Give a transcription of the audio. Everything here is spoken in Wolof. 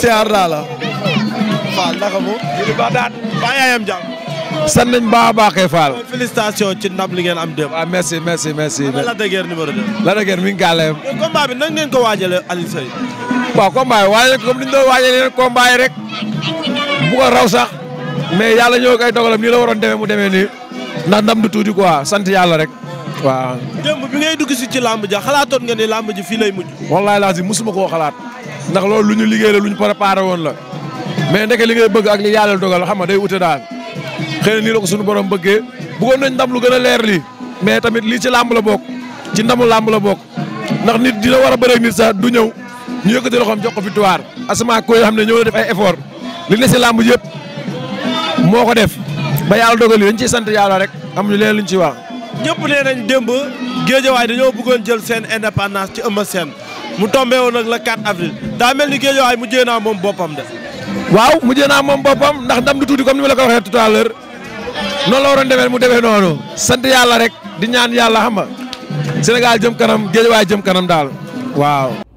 siyaar naa la. Fall naka mu. baa yaayam jàmm. sant nañ baax a baaxee Fall. félicitations ci ndam li ngeen am démb. waaw ah, merci merci merci. ana Lac de Guiers numéro 2. Lac de Guiers bi nan ngeen ko waajalee Alioune Seye. waaw combat yi waajal comme ni ñu doon waajalee rek. bu ko raw sax. mais yàlla ñëw ak ay dogalam nii la waroon demee mu demee nii. ndax ndam du tuuti quoi sant yàlla rek. waa démb bi ngay dugg si ci làmb ja xalaatoon nga ni làmb ji fii lay mujj. wallaay laa musuma koo xalaat. ndax loolu lu ñu liggéey la lu ñu préparé woon la mais ndeke li ngay bëgg ak li yàlla dogal xam nga day ute daal xëy na nii la ko suñu borom bëggee bëggoon nañ ndam lu gën a leer lii mais tamit li ci làmb la bokk ci ndamu làmb la bokk ndax nit dina war a bëre nit sax du ñëw ñu yëkkati loxoom jox ko victoire asama ko xam ne ñëw na def ay effort li ne si làmb yëpp moo ko def ba yàlla dogal yi dañ ciy sant yàlla rek am ñu leen luñ ci wax ñëpp nee nañ démb géejawaay dañoo bëggoon jël seen indépendance ci Eumeu Sène mu tombé woon nag le 4 avril daa mel ni géejawaay mujjee naa moom boppam de. waaw mujjee naa moom boppam ndax ndam du tuuti comme ni ma la ko waxee tout à l'heure noonu la waroon demee mu demee noonu sant yàlla rek di ñaan yàlla xam nga Sénégal jëm kanam géejawaay jëm kanam daal waaw.